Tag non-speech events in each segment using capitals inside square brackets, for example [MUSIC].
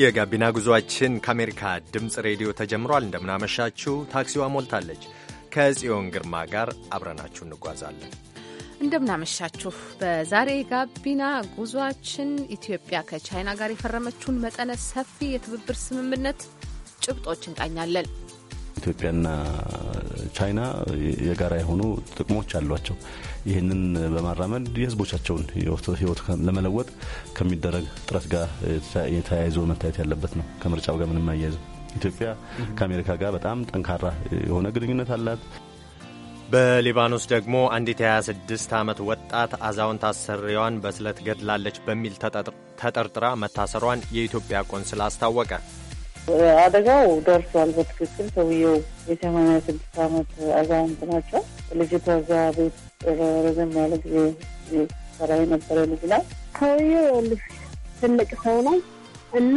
የጋቢና ጉዟችን ከአሜሪካ ድምፅ ሬዲዮ ተጀምሯል። እንደምናመሻችሁ ታክሲዋ ሞልታለች። ከጽዮን ግርማ ጋር አብረናችሁ እንጓዛለን። እንደምናመሻችሁ። በዛሬ ጋቢና ጉዟችን ኢትዮጵያ ከቻይና ጋር የፈረመችውን መጠነ ሰፊ የትብብር ስምምነት ጭብጦች እንቃኛለን። ኢትዮጵያና ቻይና የጋራ የሆኑ ጥቅሞች አሏቸው። ይህንን በማራመድ የህዝቦቻቸውን ህይወት ለመለወጥ ከሚደረግ ጥረት ጋር የተያይዞ መታየት ያለበት ነው። ከምርጫው ጋር ምንም አያይዘው ኢትዮጵያ ከአሜሪካ ጋር በጣም ጠንካራ የሆነ ግንኙነት አላት። በሊባኖስ ደግሞ አንዲት የ26 ዓመት ወጣት አዛውንት አሰሪዋን በስለት ገድላለች በሚል ተጠርጥራ መታሰሯን የኢትዮጵያ ቆንስል አስታወቀ። አደጋው ደርሷል። በትክክል ሰውየው የሰማንያ ስድስት አመት አዛውንት ናቸው። ልጅቷ እዛ ቤት ረዘም ያለ ጊዜ ሰራ የነበረ ልጅ ናት። ሰውየው ትልቅ ሰው ነው እና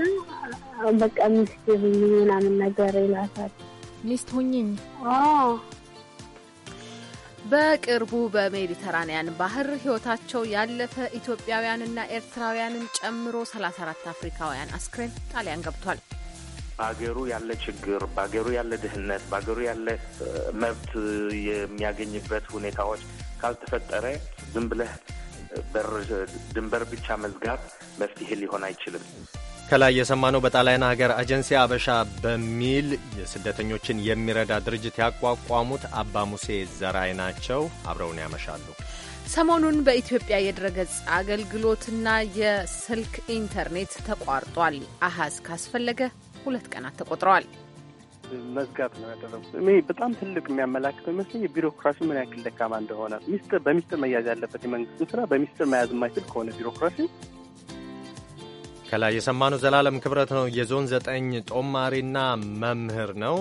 በቃ ሚስት ሁኝ ምናምን ነገር ይላታል። ሚስት ሁኝኝ በቅርቡ በሜዲተራንያን ባህር ህይወታቸው ያለፈ ኢትዮጵያውያንና ኤርትራውያንን ጨምሮ 34 አፍሪካውያን አስክሬን ጣሊያን ገብቷል። በሀገሩ ያለ ችግር፣ በሀገሩ ያለ ድህነት፣ በሀገሩ ያለ መብት የሚያገኝበት ሁኔታዎች ካልተፈጠረ ዝም ብለህ ድንበር ብቻ መዝጋት መፍትሄ ሊሆን አይችልም። ከላይ የሰማነው በጣሊያን ሀገር አጀንሲ አበሻ በሚል የስደተኞችን የሚረዳ ድርጅት ያቋቋሙት አባ ሙሴ ዘራይ ናቸው። አብረውን ያመሻሉ። ሰሞኑን በኢትዮጵያ የድረገጽ አገልግሎትና የስልክ ኢንተርኔት ተቋርጧል። አሀዝ ካስፈለገ ሁለት ቀናት ተቆጥረዋል። መዝጋት ነው ያደረጉት። እኔ በጣም ትልቅ የሚያመላክተው ይመስለኝ የቢሮክራሲ ምን ያክል ደካማ እንደሆነ ሚስጥር በሚስጥር መያዝ ያለበት የመንግስትን ስራ በሚስጥር መያዝ የማይችል ከሆነ ቢሮክራሲ ከላይ የሰማነው ዘላለም ክብረት ነው። የዞን ዘጠኝ ጦማሪና መምህር ነው።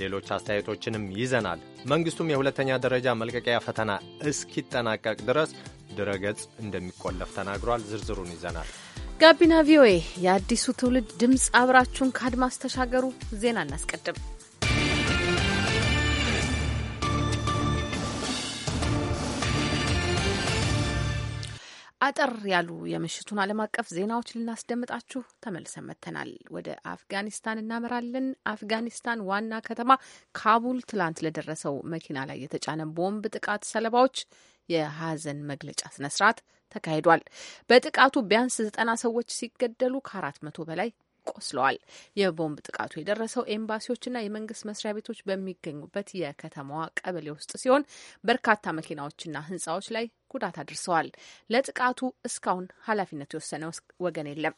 ሌሎች አስተያየቶችንም ይዘናል። መንግስቱም የሁለተኛ ደረጃ መልቀቂያ ፈተና እስኪጠናቀቅ ድረስ ድረገጽ እንደሚቆለፍ ተናግሯል። ዝርዝሩን ይዘናል። ጋቢና ቪኦኤ የአዲሱ ትውልድ ድምፅ፣ አብራችሁን ከአድማስ ተሻገሩ። ዜና እናስቀድም። አጠር ያሉ የምሽቱን ዓለም አቀፍ ዜናዎች ልናስደምጣችሁ ተመልሰን መጥተናል። ወደ አፍጋኒስታን እናመራለን። አፍጋኒስታን ዋና ከተማ ካቡል ትላንት ለደረሰው መኪና ላይ የተጫነ ቦምብ ጥቃት ሰለባዎች የሀዘን መግለጫ ስነስርዓት ተካሂዷል። በጥቃቱ ቢያንስ ዘጠና ሰዎች ሲገደሉ ከአራት መቶ በላይ ቆስለዋል። የቦምብ ጥቃቱ የደረሰው ኤምባሲዎችና የመንግስት መስሪያ ቤቶች በሚገኙበት የከተማዋ ቀበሌ ውስጥ ሲሆን በርካታ መኪናዎችና ህንጻዎች ላይ ጉዳት አድርሰዋል። ለጥቃቱ እስካሁን ኃላፊነት የወሰነ ወገን የለም።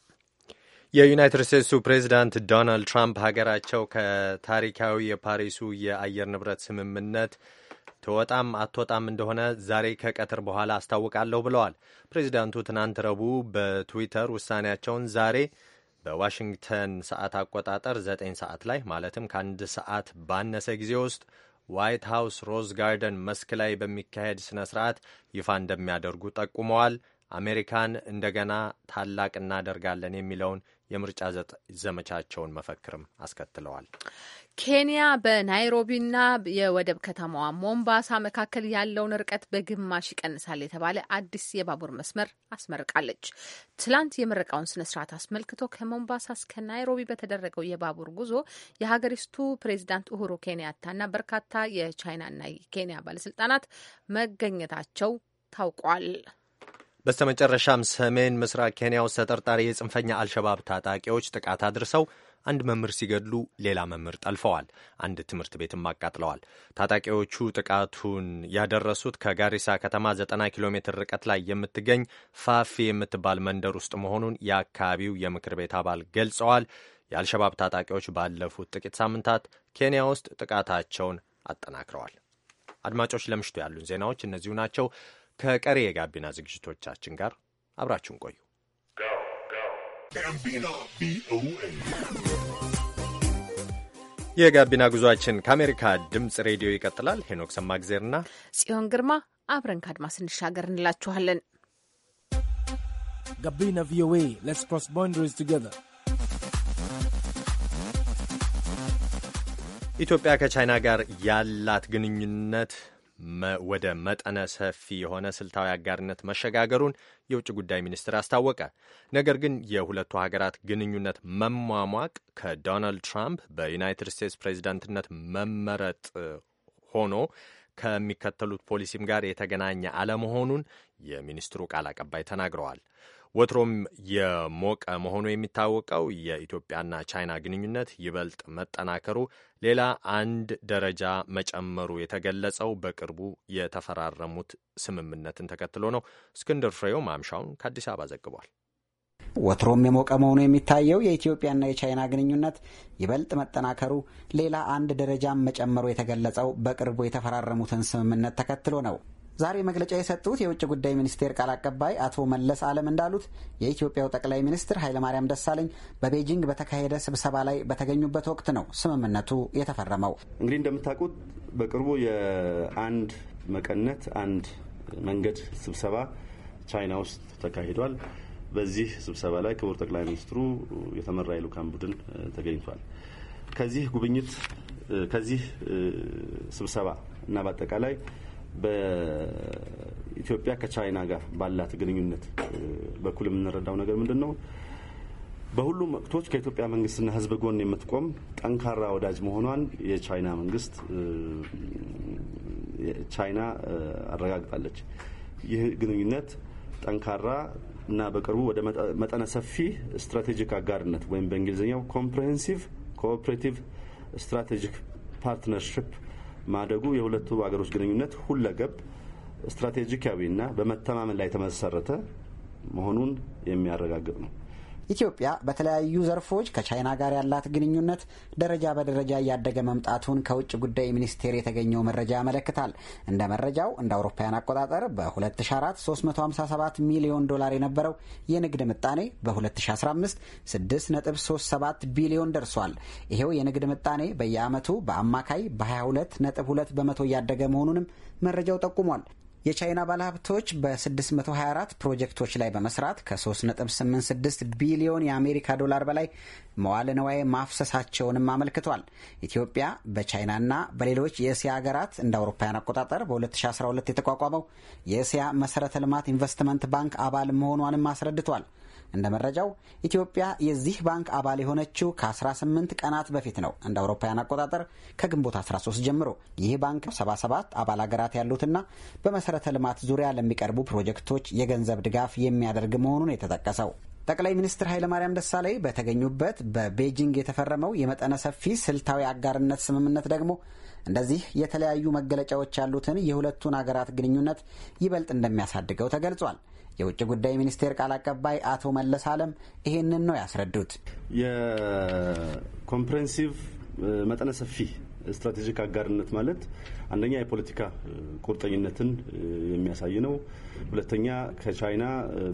የዩናይትድ ስቴትሱ ፕሬዚዳንት ዶናልድ ትራምፕ ሀገራቸው ከታሪካዊ የፓሪሱ የአየር ንብረት ስምምነት ትወጣም አትወጣም እንደሆነ ዛሬ ከቀትር በኋላ አስታውቃለሁ ብለዋል። ፕሬዚዳንቱ ትናንት ረቡዕ በትዊተር ውሳኔያቸውን ዛሬ በዋሽንግተን ሰዓት አቆጣጠር ዘጠኝ ሰዓት ላይ ማለትም ከአንድ ሰዓት ባነሰ ጊዜ ውስጥ ዋይት ሃውስ ሮዝ ጋርደን መስክ ላይ በሚካሄድ ስነ ስርዓት ይፋ እንደሚያደርጉ ጠቁመዋል። አሜሪካን እንደገና ታላቅ እናደርጋለን የሚለውን የምርጫ ዘመቻቸውን መፈክርም አስከትለዋል። ኬንያ በናይሮቢና የወደብ ከተማዋ ሞምባሳ መካከል ያለውን ርቀት በግማሽ ይቀንሳል የተባለ አዲስ የባቡር መስመር አስመርቃለች። ትላንት የምረቃውን ስነ ስርዓት አስመልክቶ ከሞምባሳ እስከ ናይሮቢ በተደረገው የባቡር ጉዞ የሀገሪቱ ፕሬዚዳንት ኡሁሩ ኬንያታና በርካታ የቻይናና የኬንያ ባለስልጣናት መገኘታቸው ታውቋል። በስተመጨረሻም ሰሜን ምስራቅ ኬንያ ውስጥ ተጠርጣሪ የጽንፈኛ አልሸባብ ታጣቂዎች ጥቃት አድርሰው አንድ መምህር ሲገድሉ ሌላ መምህር ጠልፈዋል። አንድ ትምህርት ቤትም አቃጥለዋል። ታጣቂዎቹ ጥቃቱን ያደረሱት ከጋሪሳ ከተማ 90 ኪሎ ሜትር ርቀት ላይ የምትገኝ ፋፊ የምትባል መንደር ውስጥ መሆኑን የአካባቢው የምክር ቤት አባል ገልጸዋል። የአልሸባብ ታጣቂዎች ባለፉት ጥቂት ሳምንታት ኬንያ ውስጥ ጥቃታቸውን አጠናክረዋል። አድማጮች፣ ለምሽቱ ያሉን ዜናዎች እነዚሁ ናቸው። ከቀሪ የጋቢና ዝግጅቶቻችን ጋር አብራችሁን ቆዩ። የጋቢና ጉዟችን ከአሜሪካ ድምፅ ሬዲዮ ይቀጥላል። ሄኖክ ሰማግዜርና ጽዮን ግርማ አብረን ከአድማስ እንሻገር እንላችኋለን። ጋቢና ቪኦኤ ሌትስ ክሮስ ቦንደሪስ ቱጌዘር ኢትዮጵያ ከቻይና ጋር ያላት ግንኙነት ወደ መጠነ ሰፊ የሆነ ስልታዊ አጋርነት መሸጋገሩን የውጭ ጉዳይ ሚኒስትር አስታወቀ። ነገር ግን የሁለቱ ሀገራት ግንኙነት መሟሟቅ ከዶናልድ ትራምፕ በዩናይትድ ስቴትስ ፕሬዚዳንትነት መመረጥ ሆኖ ከሚከተሉት ፖሊሲም ጋር የተገናኘ አለመሆኑን የሚኒስትሩ ቃል አቀባይ ተናግረዋል። ወትሮም የሞቀ መሆኑ የሚታወቀው የኢትዮጵያና ቻይና ግንኙነት ይበልጥ መጠናከሩ ሌላ አንድ ደረጃ መጨመሩ የተገለጸው በቅርቡ የተፈራረሙት ስምምነትን ተከትሎ ነው። እስክንድር ፍሬው ማምሻውን ከአዲስ አበባ ዘግቧል። ወትሮም የሞቀ መሆኑ የሚታየው የኢትዮጵያና የቻይና ግንኙነት ይበልጥ መጠናከሩ ሌላ አንድ ደረጃም መጨመሩ የተገለጸው በቅርቡ የተፈራረሙትን ስምምነት ተከትሎ ነው። ዛሬ መግለጫ የሰጡት የውጭ ጉዳይ ሚኒስቴር ቃል አቀባይ አቶ መለስ አለም እንዳሉት የኢትዮጵያው ጠቅላይ ሚኒስትር ኃይለማርያም ደሳለኝ በቤጂንግ በተካሄደ ስብሰባ ላይ በተገኙበት ወቅት ነው ስምምነቱ የተፈረመው። እንግዲህ እንደምታውቁት በቅርቡ የአንድ መቀነት አንድ መንገድ ስብሰባ ቻይና ውስጥ ተካሂዷል። በዚህ ስብሰባ ላይ ክቡር ጠቅላይ ሚኒስትሩ የተመራ የልኡካን ቡድን ተገኝቷል። ከዚህ ጉብኝት ከዚህ ስብሰባ እና በአጠቃላይ በኢትዮጵያ ከቻይና ጋር ባላት ግንኙነት በኩል የምንረዳው ነገር ምንድን ነው? በሁሉም ወቅቶች ከኢትዮጵያ መንግስትና ሕዝብ ጎን የምትቆም ጠንካራ ወዳጅ መሆኗን የቻይና መንግስት ቻይና አረጋግጣለች። ይህ ግንኙነት ጠንካራ እና በቅርቡ ወደ መጠነ ሰፊ ስትራቴጂክ አጋርነት ወይም በእንግሊዝኛው ኮምፕሬሄንሲቭ ኮኦፕሬቲቭ ስትራቴጂክ ፓርትነርሽፕ ማደጉ የሁለቱ ሀገሮች ግንኙነት ሁለገብ ስትራቴጂካዊና በመተማመን ላይ የተመሰረተ መሆኑን የሚያረጋግጥ ነው። ኢትዮጵያ በተለያዩ ዘርፎች ከቻይና ጋር ያላት ግንኙነት ደረጃ በደረጃ እያደገ መምጣቱን ከውጭ ጉዳይ ሚኒስቴር የተገኘው መረጃ ያመለክታል። እንደ መረጃው እንደ አውሮፓውያን አቆጣጠር በ2004 357 ሚሊዮን ዶላር የነበረው የንግድ ምጣኔ በ2015 6.37 ቢሊዮን ደርሷል። ይሄው የንግድ ምጣኔ በየአመቱ በአማካይ በ22.2 በመቶ እያደገ መሆኑንም መረጃው ጠቁሟል። የቻይና ባለሀብቶች በ624 ፕሮጀክቶች ላይ በመስራት ከ3.86 ቢሊዮን የአሜሪካ ዶላር በላይ መዋለ ንዋይ ማፍሰሳቸውንም አመልክቷል። ኢትዮጵያ በቻይናና በሌሎች የእስያ ሀገራት እንደ አውሮፓውያን አቆጣጠር በ2012 የተቋቋመው የእስያ መሰረተ ልማት ኢንቨስትመንት ባንክ አባል መሆኗንም አስረድቷል። እንደ መረጃው ኢትዮጵያ የዚህ ባንክ አባል የሆነችው ከ18 ቀናት በፊት ነው እንደ አውሮፓውያን አቆጣጠር ከግንቦት 13 ጀምሮ። ይህ ባንክ 77 አባል ሀገራት ያሉትና በመሰረተ ልማት ዙሪያ ለሚቀርቡ ፕሮጀክቶች የገንዘብ ድጋፍ የሚያደርግ መሆኑን የተጠቀሰው ጠቅላይ ሚኒስትር ኃይለማርያም ደሳለኝ በተገኙበት በቤጂንግ የተፈረመው የመጠነ ሰፊ ስልታዊ አጋርነት ስምምነት ደግሞ እንደዚህ የተለያዩ መገለጫዎች ያሉትን የሁለቱን አገራት ግንኙነት ይበልጥ እንደሚያሳድገው ተገልጿል። የውጭ ጉዳይ ሚኒስቴር ቃል አቀባይ አቶ መለስ አለም ይህንን ነው ያስረዱት። የኮምፕሬንሲቭ መጠነ ሰፊ ስትራቴጂክ አጋርነት ማለት አንደኛ የፖለቲካ ቁርጠኝነትን የሚያሳይ ነው። ሁለተኛ ከቻይና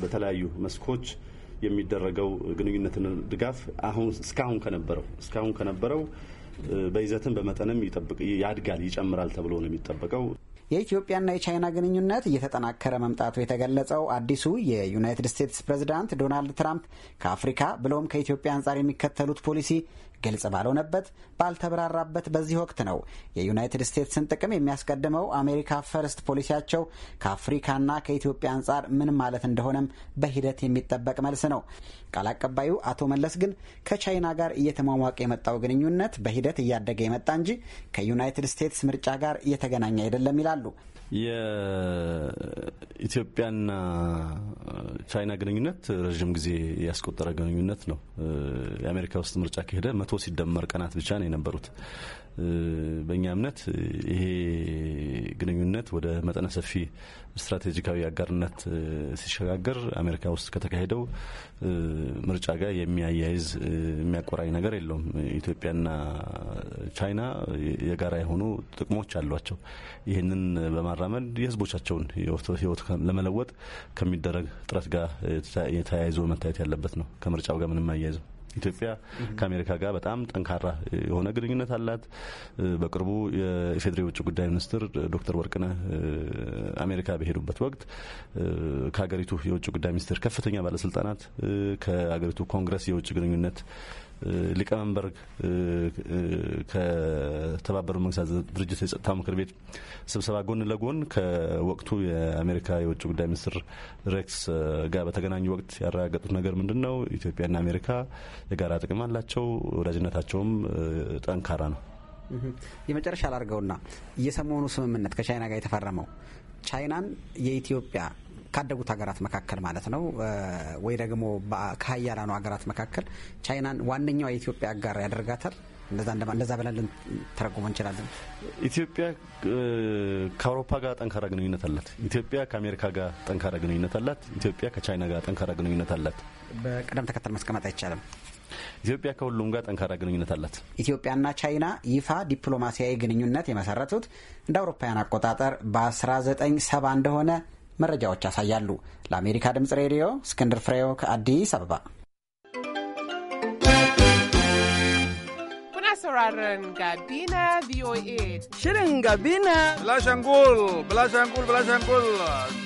በተለያዩ መስኮች የሚደረገው ግንኙነትን ድጋፍ አሁን እስካሁን ከነበረው እስካሁን ከነበረው በይዘትም በመጠንም ያድጋል፣ ይጨምራል ተብሎ ነው የሚጠበቀው። የኢትዮጵያና የቻይና ግንኙነት እየተጠናከረ መምጣቱ የተገለጸው አዲሱ የዩናይትድ ስቴትስ ፕሬዝዳንት ዶናልድ ትራምፕ ከአፍሪካ ብሎም ከኢትዮጵያ አንጻር የሚከተሉት ፖሊሲ ግልጽ ባልሆነበት ባልተብራራበት በዚህ ወቅት ነው የዩናይትድ ስቴትስን ጥቅም የሚያስቀድመው አሜሪካ ፈርስት ፖሊሲያቸው ከአፍሪካና ከኢትዮጵያ አንጻር ምን ማለት እንደሆነም በሂደት የሚጠበቅ መልስ ነው። ቃል አቀባዩ አቶ መለስ ግን ከቻይና ጋር እየተሟሟቀ የመጣው ግንኙነት በሂደት እያደገ የመጣ እንጂ ከዩናይትድ ስቴትስ ምርጫ ጋር እየተገናኘ አይደለም ይላሉ። የኢትዮጵያና ቻይና ግንኙነት ረዥም ጊዜ ያስቆጠረ ግንኙነት ነው። የአሜሪካ ውስጥ ምርጫ ከሄደ መቶ ሲደመር ቀናት ብቻ ነው የነበሩት። በእኛ እምነት ይሄ ግንኙነት ወደ መጠነ ሰፊ ስትራቴጂካዊ አጋርነት ሲሸጋገር አሜሪካ ውስጥ ከተካሄደው ምርጫ ጋር የሚያያይዝ የሚያቆራኝ ነገር የለውም። ኢትዮጵያና ቻይና የጋራ የሆኑ ጥቅሞች አሏቸው። ይህንን በማ ለማራመድ የህዝቦቻቸውን ህይወት ለመለወጥ ከሚደረግ ጥረት ጋር የተያይዞ መታየት ያለበት ነው። ከምርጫው ጋር ምንም አያይዘው ኢትዮጵያ ከአሜሪካ ጋር በጣም ጠንካራ የሆነ ግንኙነት አላት። በቅርቡ የኢፌዴሪ የውጭ ጉዳይ ሚኒስትር ዶክተር ወርቅነህ አሜሪካ በሄዱበት ወቅት ከሀገሪቱ የውጭ ጉዳይ ሚኒስትር ከፍተኛ ባለስልጣናት ከሀገሪቱ ኮንግረስ የውጭ ግንኙነት ሊቀመንበር ከተባበሩት መንግስታት ድርጅት የጸጥታው ምክር ቤት ስብሰባ ጎን ለጎን ከወቅቱ የአሜሪካ የውጭ ጉዳይ ሚኒስትር ሬክስ ጋር በተገናኙ ወቅት ያረጋገጡት ነገር ምንድን ነው? ኢትዮጵያና አሜሪካ የጋራ ጥቅም አላቸው፣ ወዳጅነታቸውም ጠንካራ ነው። የመጨረሻ ላድርገውና የሰሞኑ ስምምነት ከቻይና ጋር የተፈረመው ቻይናን የኢትዮጵያ ካደጉት ሀገራት መካከል ማለት ነው ወይ ደግሞ ከሀያላኑ ሀገራት መካከል ቻይናን ዋነኛዋ የኢትዮጵያ አጋር ያደርጋታል። እንደዛ ብለን ልንተረጉመ እንችላለን። ኢትዮጵያ ከአውሮፓ ጋር ጠንካራ ግንኙነት አላት። ኢትዮጵያ ከአሜሪካ ጋር ጠንካራ ግንኙነት አላት። ኢትዮጵያ ከቻይና ጋር ጠንካራ ግንኙነት አላት። በቅደም ተከተል ማስቀመጥ አይቻልም። ኢትዮጵያ ከሁሉም ጋር ጠንካራ ግንኙነት አላት። ኢትዮጵያና ቻይና ይፋ ዲፕሎማሲያዊ ግንኙነት የመሰረቱት እንደ አውሮፓውያን አቆጣጠር በ1970 እንደሆነ መረጃዎች ያሳያሉ። ለአሜሪካ ድምጽ ሬዲዮ እስክንድር ፍሬው ከአዲስ አበባ። sauraron Gabina VOA. Shirin Gabina. Bilashangul, Bilashangul, Bilashangul.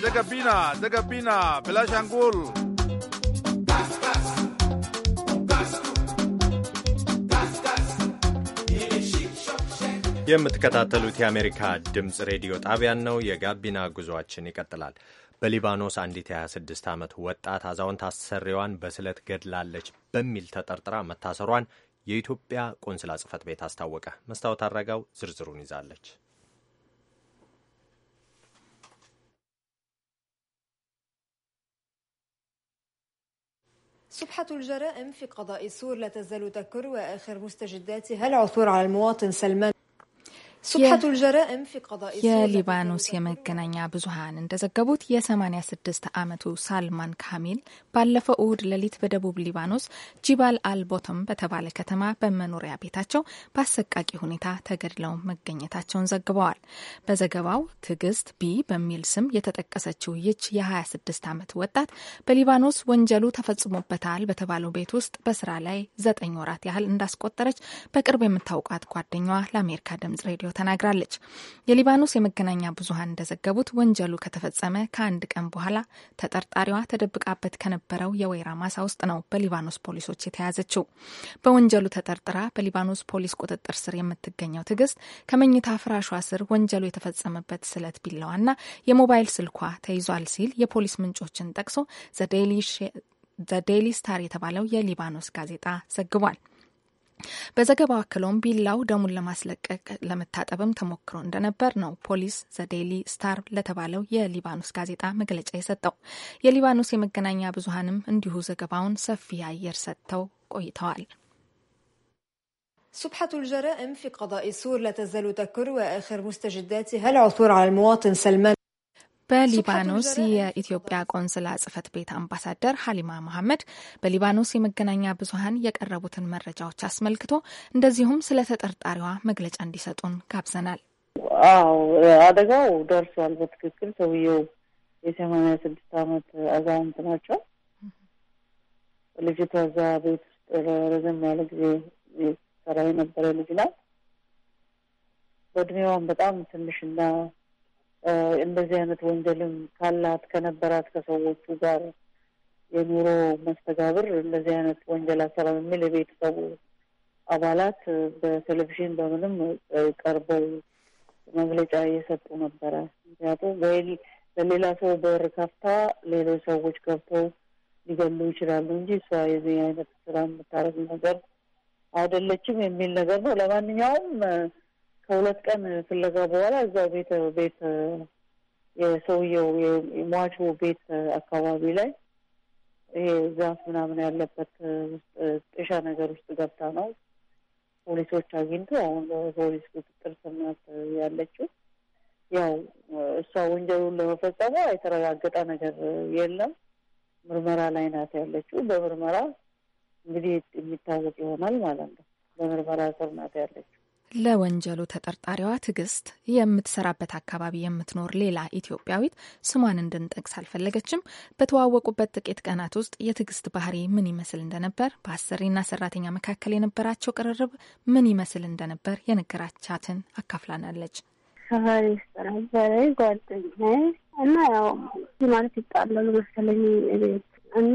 Da Gabina, da Gabina, Bilashangul. የምትከታተሉት የአሜሪካ ድምፅ ሬዲዮ ጣቢያን ነው። የጋቢና ጉዞአችን ይቀጥላል። በሊባኖስ አንዲት የ26 ዓመት ወጣት አዛውንት አሰሪዋን በስለት ገድላለች በሚል ተጠርጥራ መታሰሯን የኢትዮጵያ ቆንስላ ጽሕፈት ቤት አስታወቀ። መስታወት አረጋው ዝርዝሩን ይዛለች። شبحة الجرائم في قضاء سور لا تزال تكر وآخر مستجداتها العثور على المواطن سلمان የሊባኖስ የመገናኛ ብዙኃን እንደዘገቡት የ86 ዓመቱ ሳልማን ካሚል ባለፈው እሁድ ሌሊት በደቡብ ሊባኖስ ጂባል አልቦቶም በተባለ ከተማ በመኖሪያ ቤታቸው በአሰቃቂ ሁኔታ ተገድለው መገኘታቸውን ዘግበዋል። በዘገባው ትዕግስት ቢ በሚል ስም የተጠቀሰችው ይች የ26 ዓመት ወጣት በሊባኖስ ወንጀሉ ተፈጽሞበታል በተባለው ቤት ውስጥ በስራ ላይ ዘጠኝ ወራት ያህል እንዳስቆጠረች በቅርብ የምታውቃት ጓደኛዋ ለአሜሪካ ድምጽ ሬዲዮ እንደሚለው ተናግራለች። የሊባኖስ የመገናኛ ብዙሃን እንደዘገቡት ወንጀሉ ከተፈጸመ ከአንድ ቀን በኋላ ተጠርጣሪዋ ተደብቃበት ከነበረው የወይራ ማሳ ውስጥ ነው በሊባኖስ ፖሊሶች የተያዘችው። በወንጀሉ ተጠርጥራ በሊባኖስ ፖሊስ ቁጥጥር ስር የምትገኘው ትዕግስት ከመኝታ ፍራሿ ስር ወንጀሉ የተፈጸመበት ስለት ቢላዋና የሞባይል ስልኳ ተይዟል ሲል የፖሊስ ምንጮችን ጠቅሶ ዘ ዴይሊ ስታር የተባለው የሊባኖስ ጋዜጣ ዘግቧል። በዘገባው አክለውም ቢላው ደሙን ለማስለቀቅ ለመታጠብም ተሞክሮ እንደነበር ነው ፖሊስ ዘዴሊ ስታር ለተባለው የሊባኖስ ጋዜጣ መግለጫ የሰጠው። የሊባኖስ የመገናኛ ብዙኃንም እንዲሁ ዘገባውን ሰፊ አየር ሰጥተው ቆይተዋል። سبحة الجرائم في قضاء سور لا تزال تكر وآخر مستجداتها العثور على المواطن سلمان በሊባኖስ የኢትዮጵያ ቆንስላ ጽህፈት ቤት አምባሳደር ሀሊማ መሐመድ በሊባኖስ የመገናኛ ብዙሀን የቀረቡትን መረጃዎች አስመልክቶ እንደዚሁም ስለ ተጠርጣሪዋ መግለጫ እንዲሰጡን ጋብዘናል። አዎ አደጋው ደርሷል። በትክክል ሰውየው የሰማንያ ስድስት አመት አዛውንት ናቸው። ልጅቷ እዛ ቤት ውስጥ ረዘም ያለ ጊዜ ሰራ የነበረ ልጅ ናት። በእድሜዋን በጣም ትንሽና እንደዚህ አይነት ወንጀልም ካላት ከነበራት ከሰዎቹ ጋር የኑሮ መስተጋብር እንደዚህ አይነት ወንጀል አሰራም የሚል የቤተሰቡ አባላት በቴሌቪዥን በምንም ቀርበው መግለጫ እየሰጡ ነበረ። ምክንያቱም ወይ ለሌላ ሰው በር ከፍታ ሌሎች ሰዎች ገብተው ሊገሉ ይችላሉ እንጂ እሷ የዚህ አይነት ስራ የምታደርግ ነገር አይደለችም የሚል ነገር ነው። ለማንኛውም ከሁለት ቀን ፍለጋ በኋላ እዛው ቤት ቤት የሰውየው የሟቹ ቤት አካባቢ ላይ ይሄ ዛፍ ምናምን ያለበት ውስጥ ጥሻ ነገር ውስጥ ገብታ ነው ፖሊሶች አግኝቶ አሁን በፖሊስ ቁጥጥር ስር ናት ያለችው። ያው እሷ ወንጀሉን ለመፈጸሟ የተረጋገጠ ነገር የለም፣ ምርመራ ላይ ናት ያለችው። በምርመራ እንግዲህ የሚታወቅ ይሆናል ማለት ነው። በምርመራ ስር ናት ያለችው። ለወንጀሉ ተጠርጣሪዋ ትዕግስት የምትሰራበት አካባቢ የምትኖር ሌላ ኢትዮጵያዊት ስሟን እንድንጠቅስ አልፈለገችም። በተዋወቁበት ጥቂት ቀናት ውስጥ የትዕግስት ባህሪ ምን ይመስል እንደነበር፣ በአሰሪና ሰራተኛ መካከል የነበራቸው ቅርርብ ምን ይመስል እንደነበር የነገራቻትን አካፍላናለች። ሰፈር ውስጥ ነበረ ጓደኛዬ እና ያው ማለት ይጣላሉ መሰለኝ ቤት እና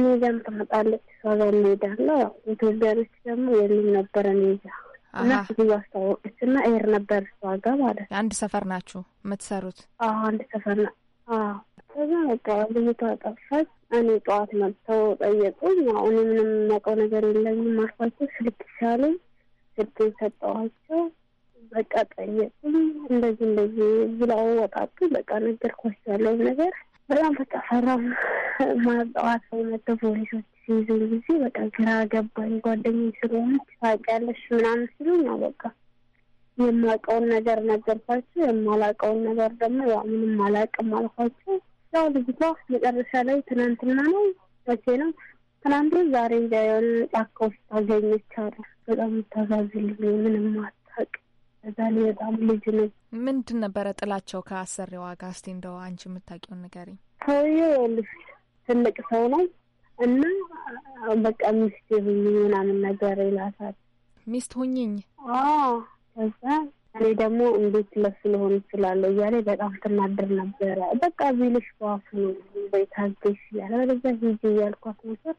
እኔ ጋም ትመጣለች፣ እሷ ጋር እንሄዳለን። ያው ኢትዮጵያኖች ደግሞ የሉም ነበረ እኔ ጋ እና ሴትዮ አስተዋወቀች እና ኤር ነበር እሷ ጋር ማለት ነው። አንድ ሰፈር ናችሁ የምትሰሩት? አዎ አንድ ሰፈር ና ከዛ በቃ ልጅቷ ጠፋች። እኔ ጠዋት መጥተው ጠየቁኝ። አሁን ምንም የማውቀው ነገር የለኝም አልኳቸው። ስልክ ይሻለኝ ስልክ ሰጠኋቸው። በቃ ጠየቁኝ እንደዚህ እንደዚህ ብለው ወጣቱ በቃ ነገርኳቸው ያለውን ነገር በጣም በቃ ፈራም። [LAUGHS] ሰው መጥተው ፖሊሶች ሲይዙን ጊዜ በቃ ግራ ገባኝ። ጓደኛዬ ስለሆነች ታውቂያለሽ ምናምን ሲሉኝ ያው በቃ የማውቀውን ነገር ነገርኳቸው፣ የማላውቀውን ነገር ደግሞ ያው ምንም አላውቅም አልኳቸው። ያው ልጅቷ መጨረሻ ላይ ትናንትና ነው መቼ ነው ትናንት ዛሬ እንጃ የሆነ ጫካ ውስጥ ታገኘቻለ። በጣም ታዛዝልኝ ምንም አታውቅም። በዛ ላይ በጣም ልጅ ነው። ምንድን ነበረ ጥላቸው ከአሰሪዋ ጋር? እስኪ እንደው አንቺ የምታውቂውን ንገሪኝ። ሰውዬው ትልቅ ሰው ነው እና በቃ ሚስት ሁኝ ምናምን ነገር ይላታል። ሚስት ሁኝኝ ከዛ እኔ ደግሞ እንዴት ለሱ ልሆን ይችላለሁ እያለ በጣም ትናድር ነበረ። በቃ ቢልሽ በአፉ ታገሽ እያለ በለዛ ሂጂ እያልኳት ነበር።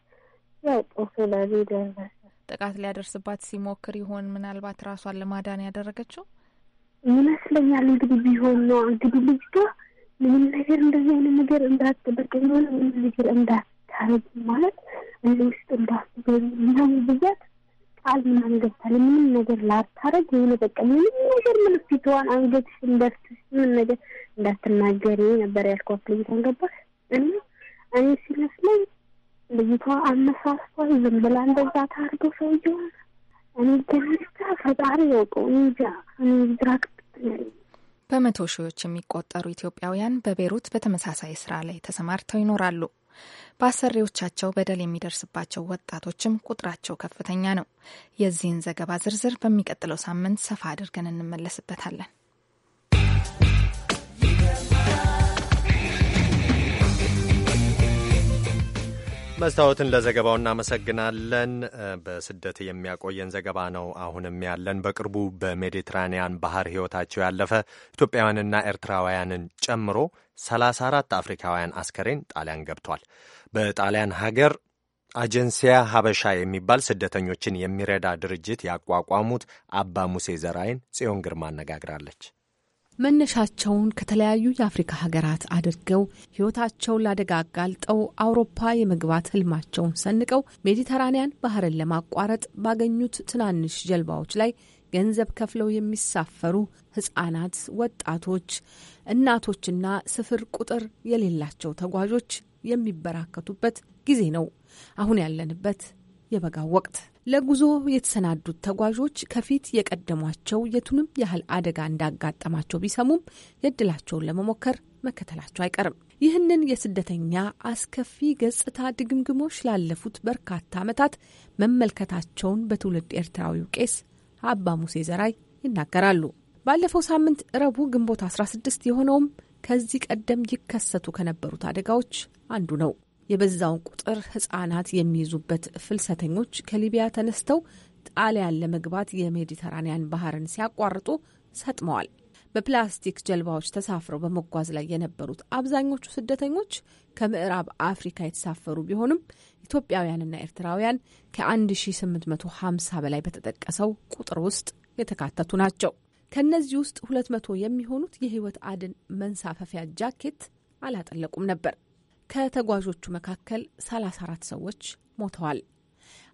ያው ጦሶ ላይ ደረሰ። ጥቃት ሊያደርስባት ሲሞክር ይሆን ምናልባት ራሷን ለማዳን ያደረገችው ይመስለኛል። እንግዲህ ቢሆን ነው እንግዲህ ልጅቷ ምንም ነገር እንደዚህ አይነት ነገር እንዳት በቃ የሆነ ምንም ነገር እንዳት ታረግ ማለት እንደ ውስጥ እንዳስገኝ ምናምን ብያት ቃል ምናምን ገብታለች። ምንም ነገር ላታረግ የሆነ በቃ ምንም ነገር ምን ፊትዋን አንገትሽ እንደርትሽ ምን ነገር እንዳትናገሪ ነበር ያልኳት። ልጅቷን ገባሽ እና እኔ ሲመስለኝ ልጅቷ አመሳስቷል። ዝም ብላ እንደዛ ታርገው ሰውየውን እኔ ገንቻ ፈጣሪ ያውቀው እንጃ እኔ ድራክ በመቶ ሺዎች የሚቆጠሩ ኢትዮጵያውያን በቤሩት በተመሳሳይ ስራ ላይ ተሰማርተው ይኖራሉ። በአሰሪዎቻቸው በደል የሚደርስባቸው ወጣቶችም ቁጥራቸው ከፍተኛ ነው። የዚህን ዘገባ ዝርዝር በሚቀጥለው ሳምንት ሰፋ አድርገን እንመለስበታለን። መስታወትን ለዘገባው እናመሰግናለን። በስደት የሚያቆየን ዘገባ ነው። አሁንም ያለን በቅርቡ በሜዲትራኒያን ባህር ሕይወታቸው ያለፈ ኢትዮጵያውያንና ኤርትራውያንን ጨምሮ 34 አፍሪካውያን አስከሬን ጣሊያን ገብቷል። በጣሊያን ሀገር አጀንሲያ ሀበሻ የሚባል ስደተኞችን የሚረዳ ድርጅት ያቋቋሙት አባ ሙሴ ዘራይን ጽዮን ግርማ አነጋግራለች። መነሻቸውን ከተለያዩ የአፍሪካ ሀገራት አድርገው ሕይወታቸውን ላደጋ አጋልጠው አውሮፓ የመግባት ህልማቸውን ሰንቀው ሜዲተራኒያን ባህርን ለማቋረጥ ባገኙት ትናንሽ ጀልባዎች ላይ ገንዘብ ከፍለው የሚሳፈሩ ህጻናት፣ ወጣቶች፣ እናቶችና ስፍር ቁጥር የሌላቸው ተጓዦች የሚበራከቱበት ጊዜ ነው አሁን ያለንበት የበጋው ወቅት። ለጉዞ የተሰናዱት ተጓዦች ከፊት የቀደሟቸው የቱንም ያህል አደጋ እንዳጋጠማቸው ቢሰሙም የእድላቸውን ለመሞከር መከተላቸው አይቀርም። ይህንን የስደተኛ አስከፊ ገጽታ ድግምግሞች ላለፉት በርካታ ዓመታት መመልከታቸውን በትውልድ ኤርትራዊው ቄስ አባ ሙሴ ዘራይ ይናገራሉ። ባለፈው ሳምንት ረቡዕ ግንቦት 16 የሆነውም ከዚህ ቀደም ይከሰቱ ከነበሩት አደጋዎች አንዱ ነው። የበዛውን ቁጥር ህጻናት የሚይዙበት ፍልሰተኞች ከሊቢያ ተነስተው ጣሊያን ለመግባት የሜዲተራኒያን ባህርን ሲያቋርጡ ሰጥመዋል። በፕላስቲክ ጀልባዎች ተሳፍረው በመጓዝ ላይ የነበሩት አብዛኞቹ ስደተኞች ከምዕራብ አፍሪካ የተሳፈሩ ቢሆንም ኢትዮጵያውያንና ኤርትራውያን ከ1850 በላይ በተጠቀሰው ቁጥር ውስጥ የተካተቱ ናቸው። ከእነዚህ ውስጥ 200 የሚሆኑት የህይወት አድን መንሳፈፊያ ጃኬት አላጠለቁም ነበር። ከተጓዦቹ መካከል 34 ሰዎች ሞተዋል።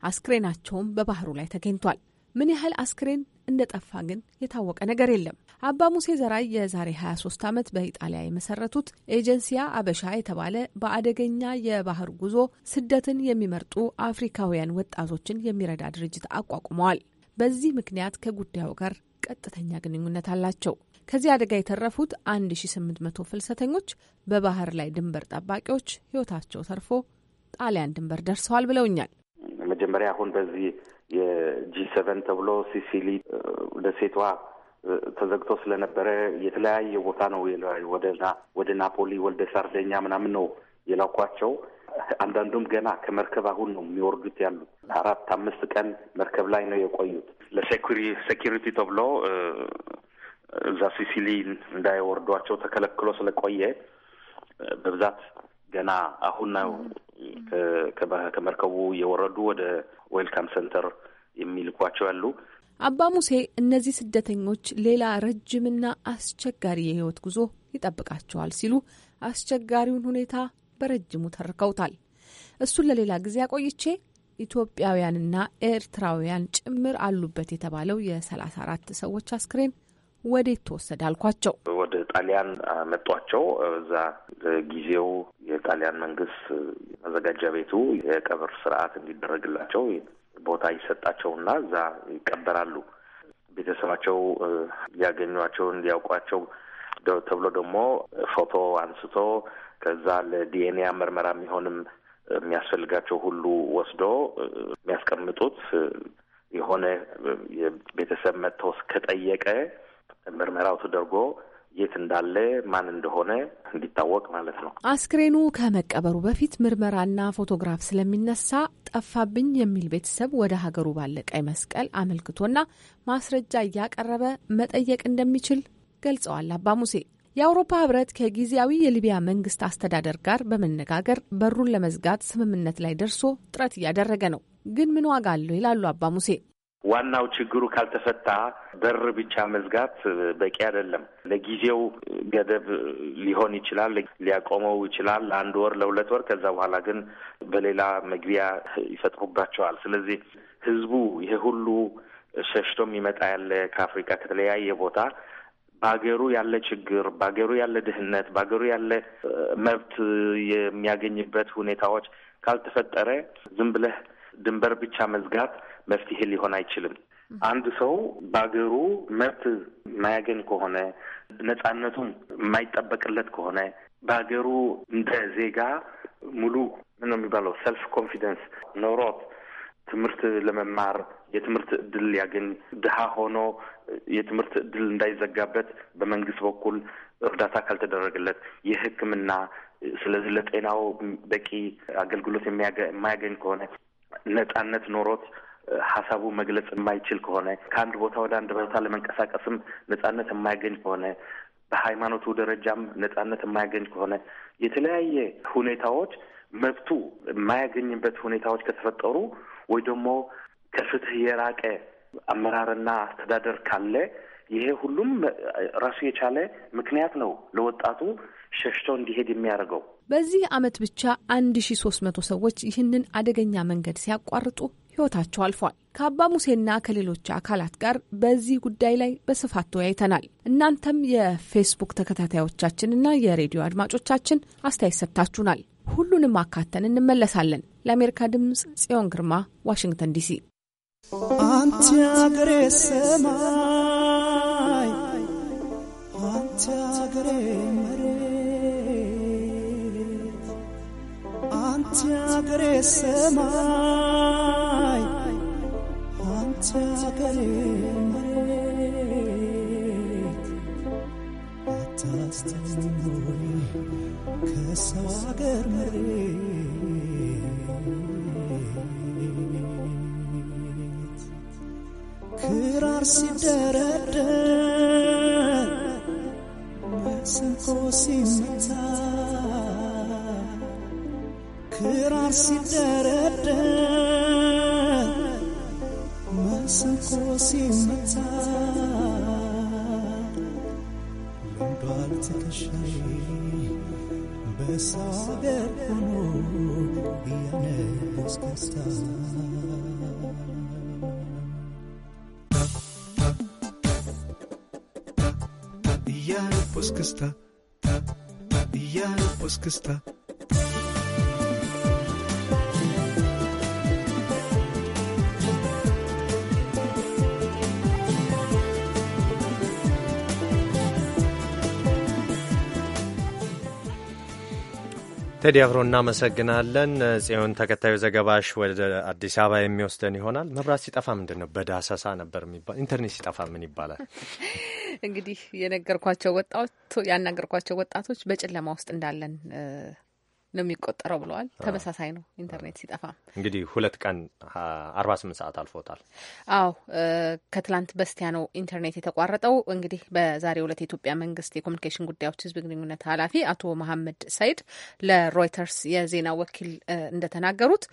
አስክሬናቸውም በባህሩ ላይ ተገኝቷል። ምን ያህል አስክሬን እንደጠፋ ግን የታወቀ ነገር የለም። አባ ሙሴ ዘራይ የዛሬ 23 ዓመት በኢጣሊያ የመሰረቱት ኤጀንሲያ አበሻ የተባለ በአደገኛ የባህር ጉዞ ስደትን የሚመርጡ አፍሪካውያን ወጣቶችን የሚረዳ ድርጅት አቋቁመዋል። በዚህ ምክንያት ከጉዳዩ ጋር ቀጥተኛ ግንኙነት አላቸው። ከዚህ አደጋ የተረፉት 1800 ፍልሰተኞች በባህር ላይ ድንበር ጠባቂዎች ህይወታቸው ተርፎ ጣሊያን ድንበር ደርሰዋል ብለውኛል። መጀመሪያ አሁን በዚህ የጂ ሰቨን ተብሎ ሲሲሊ ደሴቷ ተዘግቶ ስለነበረ የተለያየ ቦታ ነው ወደ ናፖሊ፣ ወደ ሳርዴኛ ምናምን ነው የላኳቸው። አንዳንዱም ገና ከመርከብ አሁን ነው የሚወርዱት ያሉት። አራት አምስት ቀን መርከብ ላይ ነው የቆዩት። ለሴኩሪቲ ተብሎ እዛ ሲሲሊ እንዳይወርዷቸው ተከለክሎ ስለቆየ በብዛት ገና አሁን ነው ከመርከቡ እየወረዱ ወደ ዌልካም ሴንተር የሚልኳቸው ያሉ። አባ ሙሴ እነዚህ ስደተኞች ሌላ ረጅምና አስቸጋሪ የህይወት ጉዞ ይጠብቃቸዋል ሲሉ አስቸጋሪውን ሁኔታ በረጅሙ ተርከውታል። እሱን ለሌላ ጊዜ አቆይቼ ኢትዮጵያውያንና ኤርትራውያን ጭምር አሉበት የተባለው የሰላሳ አራት ሰዎች አስክሬን ወዴት ተወሰደ አልኳቸው። ወደ ጣሊያን መጧቸው። እዛ ጊዜው የጣሊያን መንግስት መዘጋጃ ቤቱ የቀብር ስርዓት እንዲደረግላቸው ቦታ ይሰጣቸውና እዛ ይቀበራሉ። ቤተሰባቸው ሊያገኟቸው እንዲያውቋቸው ተብሎ ደግሞ ፎቶ አንስቶ ከዛ ለዲኤንኤ ምርመራ የሚሆንም የሚያስፈልጋቸው ሁሉ ወስዶ የሚያስቀምጡት የሆነ የቤተሰብ መጥቶ እስከጠየቀ ምርመራው ተደርጎ የት እንዳለ ማን እንደሆነ እንዲታወቅ ማለት ነው። አስክሬኑ ከመቀበሩ በፊት ምርመራና ፎቶግራፍ ስለሚነሳ ጠፋብኝ የሚል ቤተሰብ ወደ ሀገሩ ባለ ቀይ መስቀል አመልክቶና ማስረጃ እያቀረበ መጠየቅ እንደሚችል ገልጸዋል አባ ሙሴ። የአውሮፓ ህብረት ከጊዜያዊ የሊቢያ መንግስት አስተዳደር ጋር በመነጋገር በሩን ለመዝጋት ስምምነት ላይ ደርሶ ጥረት እያደረገ ነው። ግን ምን ዋጋ አለው ይላሉ አባ ሙሴ። ዋናው ችግሩ ካልተፈታ በር ብቻ መዝጋት በቂ አይደለም። ለጊዜው ገደብ ሊሆን ይችላል፣ ሊያቆመው ይችላል ለአንድ ወር ለሁለት ወር። ከዛ በኋላ ግን በሌላ መግቢያ ይፈጥሩባቸዋል። ስለዚህ ህዝቡ ይሄ ሁሉ ሸሽቶ የሚመጣ ያለ ከአፍሪካ ከተለያየ ቦታ በሀገሩ ያለ ችግር፣ በሀገሩ ያለ ድህነት፣ በሀገሩ ያለ መብት የሚያገኝበት ሁኔታዎች ካልተፈጠረ ዝም ብለህ ድንበር ብቻ መዝጋት መፍትሄ ሊሆን አይችልም። አንድ ሰው በሀገሩ መብት የማያገኝ ከሆነ ነጻነቱም የማይጠበቅለት ከሆነ በሀገሩ እንደ ዜጋ ሙሉ ምን ነው የሚባለው ሰልፍ ኮንፊደንስ ኖሮት ትምህርት ለመማር የትምህርት እድል ሊያገኝ ድሃ ሆኖ የትምህርት እድል እንዳይዘጋበት በመንግስት በኩል እርዳታ ካልተደረገለት የሕክምና ስለዚህ ለጤናው በቂ አገልግሎት የማያገኝ ከሆነ ነጻነት ኖሮት ሀሳቡ መግለጽ የማይችል ከሆነ ከአንድ ቦታ ወደ አንድ ቦታ ለመንቀሳቀስም ነጻነት የማያገኝ ከሆነ በሃይማኖቱ ደረጃም ነጻነት የማያገኝ ከሆነ የተለያየ ሁኔታዎች መብቱ የማያገኝበት ሁኔታዎች ከተፈጠሩ ወይ ደግሞ ከፍትህ የራቀ አመራርና አስተዳደር ካለ ይሄ ሁሉም ራሱ የቻለ ምክንያት ነው ለወጣቱ ሸሽቶ እንዲሄድ የሚያደርገው። በዚህ አመት ብቻ አንድ ሺ ሶስት መቶ ሰዎች ይህንን አደገኛ መንገድ ሲያቋርጡ ሕይወታቸው አልፏል። ከአባ ሙሴና ከሌሎች አካላት ጋር በዚህ ጉዳይ ላይ በስፋት ተወያይተናል። እናንተም የፌስቡክ ተከታታዮቻችንና የሬዲዮ አድማጮቻችን አስተያየት ሰጥታችሁናል። ሁሉንም አካተን እንመለሳለን። ለአሜሪካ ድምፅ ጽዮን ግርማ፣ ዋሽንግተን ዲሲ። አንቺ አገሬ ሰማይ፣ አንቺ አገሬ መሬት፣ አንቺ አገሬ ሰማይ testimony ከሰው አገር መሬ ክራር መሰንቆ ሲመታ ክራር መሰንቆ ስቅሽ በሳገር ሆኖ እያነስ ከስታ እያነስ ቴዲ አፍሮ እናመሰግናለን። ጽዮን፣ ተከታዩ ዘገባሽ ወደ አዲስ አበባ የሚወስደን ይሆናል። መብራት ሲጠፋ ምንድን ነው በዳሰሳ ነበር የሚባል ኢንተርኔት ሲጠፋ ምን ይባላል? እንግዲህ የነገርኳቸው ወጣቶች ያናገርኳቸው ወጣቶች በጨለማ ውስጥ እንዳለን ነው የሚቆጠረው ብለዋል። ተመሳሳይ ነው ኢንተርኔት ሲጠፋ እንግዲህ ሁለት ቀን አርባ ስምንት ሰዓት አልፎታል። አዎ ከትላንት በስቲያ ነው ኢንተርኔት የተቋረጠው። እንግዲህ በዛሬው ዕለት የኢትዮጵያ መንግስት የኮሚኒኬሽን ጉዳዮች ህዝብ ግንኙነት ኃላፊ አቶ መሐመድ ሰይድ ለሮይተርስ የዜና ወኪል እንደተናገሩት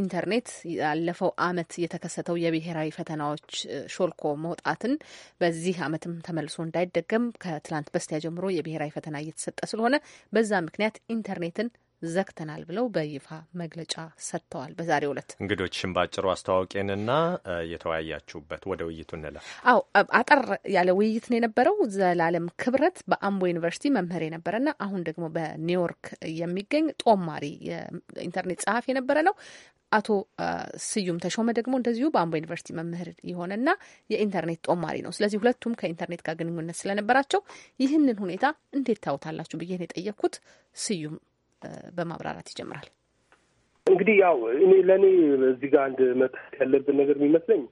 ኢንተርኔት ያለፈው አመት የተከሰተው የብሔራዊ ፈተናዎች ሾልኮ መውጣትን በዚህ አመትም ተመልሶ እንዳይደገም ከትላንት በስቲያ ጀምሮ የብሔራዊ ፈተና እየተሰጠ ስለሆነ በዛ ምክንያት ኢንተርኔትን ዘግተናል ብለው በይፋ መግለጫ ሰጥተዋል። በዛሬው ዕለት እንግዶችን ባጭሩ አስተዋውቄንና የተወያያችሁበት ወደ ውይይቱ እንለፍ። አዎ አጠር ያለ ውይይት ነው የነበረው። ዘላለም ክብረት በአምቦ ዩኒቨርሲቲ መምህር የነበረና አሁን ደግሞ በኒውዮርክ የሚገኝ ጦማሪ የኢንተርኔት ጸሐፊ የነበረ ነው። አቶ ስዩም ተሾመ ደግሞ እንደዚሁ በአምቦ ዩኒቨርሲቲ መምህር የሆነና የኢንተርኔት ጦማሪ ነው። ስለዚህ ሁለቱም ከኢንተርኔት ጋር ግንኙነት ስለነበራቸው ይህንን ሁኔታ እንዴት ታውታላችሁ ብዬን የጠየቅኩት ስዩም በማብራራት ይጀምራል። እንግዲህ ያው እኔ ለእኔ እዚህ ጋር አንድ መታየት ያለብን ነገር የሚመስለኝ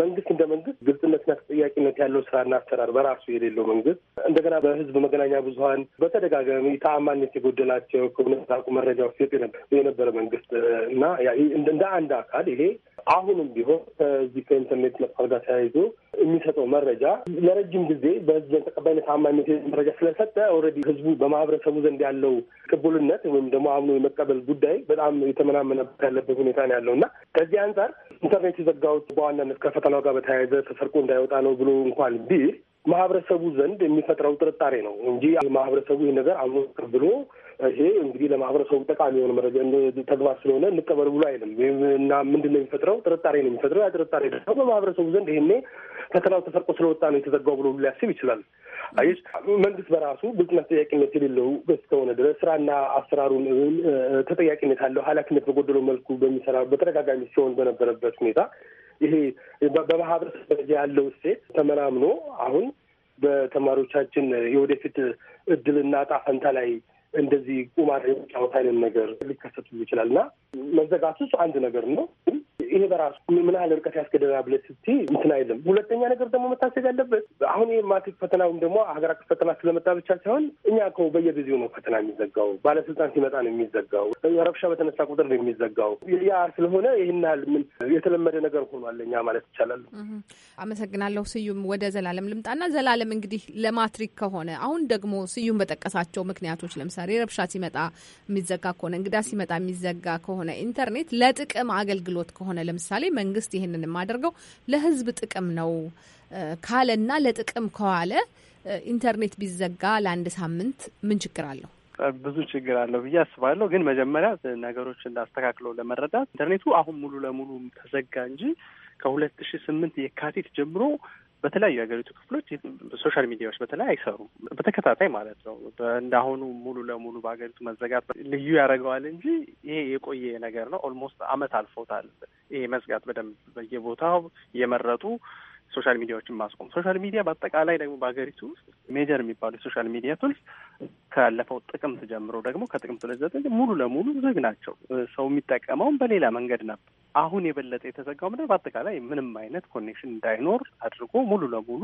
መንግስት እንደ መንግስት ግልጽነትና ተጠያቂነት ያለው ስራና አሰራር በራሱ የሌለው መንግስት እንደገና በህዝብ መገናኛ ብዙኃን በተደጋጋሚ ተአማኒነት የጎደላቸው ከእውነታቁ መረጃዎች ሲሰጥ የነበረ መንግስት እና እንደ አንድ አካል ይሄ አሁንም ቢሆን ከዚህ ከኢንተርኔት መጥፋት ጋር ተያይዞ የሚሰጠው መረጃ ለረጅም ጊዜ በህዝብ ዘንድ ተቀባይነት፣ አማኝነት መረጃ ስለሰጠ ኦልሬዲ ህዝቡ በማህበረሰቡ ዘንድ ያለው ቅቡልነት ወይም ደግሞ አምኖ የመቀበል ጉዳይ በጣም የተመናመነበት ያለበት ሁኔታ ነው ያለው እና ከዚህ አንጻር ኢንተርኔት የዘጋሁት በዋናነት ከፈተናው ጋር በተያያዘ ተሰርቆ እንዳይወጣ ነው ብሎ እንኳን ቢል ማህበረሰቡ ዘንድ የሚፈጥረው ጥርጣሬ ነው እንጂ ማህበረሰቡ ይህ ነገር አምኖ ብሎ ይሄ እንግዲህ ለማህበረሰቡ ጠቃሚ የሆነ መረጃ ተግባር ስለሆነ እንቀበል ብሎ አይልም እና ምንድን ነው የሚፈጥረው? ጥርጣሬ ነው የሚፈጥረው። ያ ጥርጣሬ ደግሞ በማህበረሰቡ ዘንድ ይሄኔ ፈተናው ተሰርቆ ስለወጣ ነው የተዘጋው ብሎ ሊያስብ ይችላል። አይስ መንግስት በራሱ ብልጽነት ተጠያቂነት የሌለው እስከሆነ ድረስ ስራና አሰራሩን ተጠያቂነት አለው ኃላፊነት በጎደለው መልኩ በሚሰራ በተደጋጋሚ ሲሆን በነበረበት ሁኔታ ይሄ በማህበረሰብ ደረጃ ያለው እሴት ተመናምኖ አሁን በተማሪዎቻችን የወደፊት እድልና ጣፈንታ ላይ እንደዚህ ቁማር የሚጫወት አይነት ነገር ሊከሰቱ ይችላል እና መዘጋቱ እሱ አንድ ነገር ነው። ይሄ በራሱ ምን ያህል ርቀት ያስገደናል ብለህ ስትይ እንትን አይለም። ሁለተኛ ነገር ደግሞ መታሰብ ያለበት አሁን ይህ ማትሪክ ፈተና ወይም ደግሞ ሀገር አቀፍ ፈተና ስለመጣ ብቻ ሳይሆን እኛ ከው በየጊዜው ነው ፈተና የሚዘጋው። ባለስልጣን ሲመጣ ነው የሚዘጋው። ረብሻ በተነሳ ቁጥር ነው የሚዘጋው። ያ ስለሆነ ይህን ያህል ምን የተለመደ ነገር ሆኗል እኛ ማለት ይቻላል። አመሰግናለሁ ስዩም። ወደ ዘላለም ልምጣና ዘላለም እንግዲህ ለማትሪክ ከሆነ አሁን ደግሞ ስዩም በጠቀሳቸው ምክንያቶች ለምሳ ለምሳሌ ረብሻ ሲመጣ የሚዘጋ ከሆነ እንግዳ ሲመጣ የሚዘጋ ከሆነ ኢንተርኔት ለጥቅም አገልግሎት ከሆነ ለምሳሌ መንግስት ይህንን የማደርገው ለህዝብ ጥቅም ነው ካለና ለጥቅም ከዋለ ኢንተርኔት ቢዘጋ ለአንድ ሳምንት ምን ችግር አለው? ብዙ ችግር አለው ብዬ አስባለሁ። ግን መጀመሪያ ነገሮች እንዳስተካክለው ለመረዳት ኢንተርኔቱ አሁን ሙሉ ለሙሉ ተዘጋ እንጂ ከሁለት ሺ ስምንት የካቲት ጀምሮ በተለያዩ የሀገሪቱ ክፍሎች ሶሻል ሚዲያዎች በተለይ አይሰሩም በተከታታይ ማለት ነው። እንዳአሁኑ ሙሉ ለሙሉ በሀገሪቱ መዘጋት ልዩ ያደርገዋል እንጂ ይሄ የቆየ ነገር ነው። ኦልሞስት አመት አልፎታል። ይሄ መዝጋት በደንብ በየቦታው እየመረጡ ሶሻል ሚዲያዎችን ማስቆም። ሶሻል ሚዲያ በአጠቃላይ ደግሞ በሀገሪቱ ውስጥ ሜጀር የሚባሉ የሶሻል ሚዲያ ቱልስ ካለፈው ጥቅምት ጀምሮ ደግሞ ከጥቅምት ሁለት ዘጠኝ ሙሉ ለሙሉ ዝግ ናቸው። ሰው የሚጠቀመውን በሌላ መንገድ ነበር። አሁን የበለጠ የተዘጋው ምድር በአጠቃላይ ምንም አይነት ኮኔክሽን እንዳይኖር አድርጎ ሙሉ ለሙሉ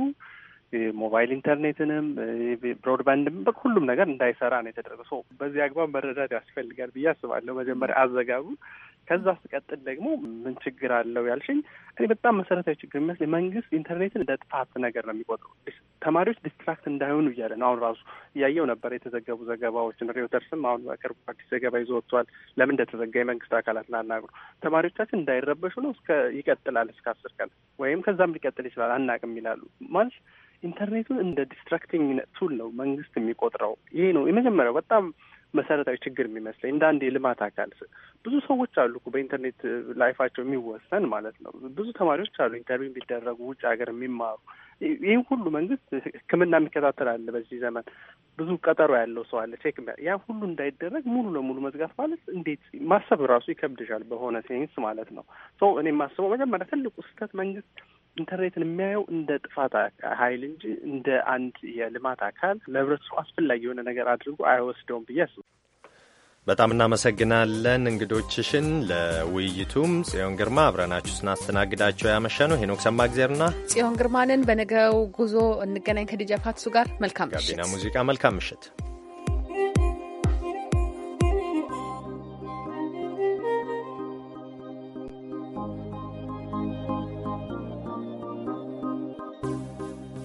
ሞባይል ኢንተርኔትንም ብሮድባንድም በሁሉም ነገር እንዳይሰራ ነው የተደረገ። በዚህ አግባብ መረዳት ያስፈልጋል ብዬ አስባለሁ። መጀመሪያ አዘጋቡ ከዛ ስቀጥል ደግሞ ምን ችግር አለው ያልሽኝ፣ እኔ በጣም መሰረታዊ ችግር የሚመስለኝ መንግስት ኢንተርኔትን እንደ ጥፋት ነገር ነው የሚቆጥረው። ተማሪዎች ዲስትራክት እንዳይሆኑ እያለ ነው። አሁን ራሱ እያየው ነበር የተዘገቡ ዘገባዎችን። ሬውተርስም አሁን በቅርቡ አዲስ ዘገባ ይዞ ወጥቷል። ለምን እንደተዘጋ የመንግስት አካላት ላናግሩ ተማሪዎቻችን እንዳይረበሹ ነው። እስከ ይቀጥላል እስከ አስር ቀን ወይም ከዛም ሊቀጥል ይችላል አናቅም ይላሉ ማለት ኢንተርኔቱን እንደ ዲስትራክቲንግ ቱል ነው መንግስት የሚቆጥረው። ይሄ ነው የመጀመሪያው በጣም መሰረታዊ ችግር የሚመስለኝ እንደ አንድ የልማት አካል ብዙ ሰዎች አሉ በኢንተርኔት ላይፋቸው የሚወሰን ማለት ነው። ብዙ ተማሪዎች አሉ ኢንተርቪው የሚደረጉ ውጭ ሀገር የሚማሩ ይህ ሁሉ መንግስት ሕክምና የሚከታተል አለ። በዚህ ዘመን ብዙ ቀጠሮ ያለው ሰው አለ። ቼክ ያ ሁሉ እንዳይደረግ ሙሉ ለሙሉ መዝጋት ማለት እንዴት ማሰብ ራሱ ይከብድሻል፣ በሆነ ሴንስ ማለት ነው። ሰው እኔ የማስበው መጀመሪያ ትልቁ ስህተት መንግስት ኢንተርኔትን የሚያየው እንደ ጥፋት ኃይል እንጂ እንደ አንድ የልማት አካል ለህብረተሰቡ አስፈላጊ የሆነ ነገር አድርጎ አይወስደውም ብዬ አስብ በጣም እናመሰግናለን እንግዶችሽን፣ ለውይይቱም ጽዮን ግርማ አብረናችሁ ስናስተናግዳቸው ያመሸ ነው ሄኖክ ሰማ ጊዜርና ጽዮን ግርማንን። በነገው ጉዞ እንገናኝ። ከዲጃ ፋትሱ ጋር መልካም ምሽት። ጋቢና ሙዚቃ መልካም ምሽት።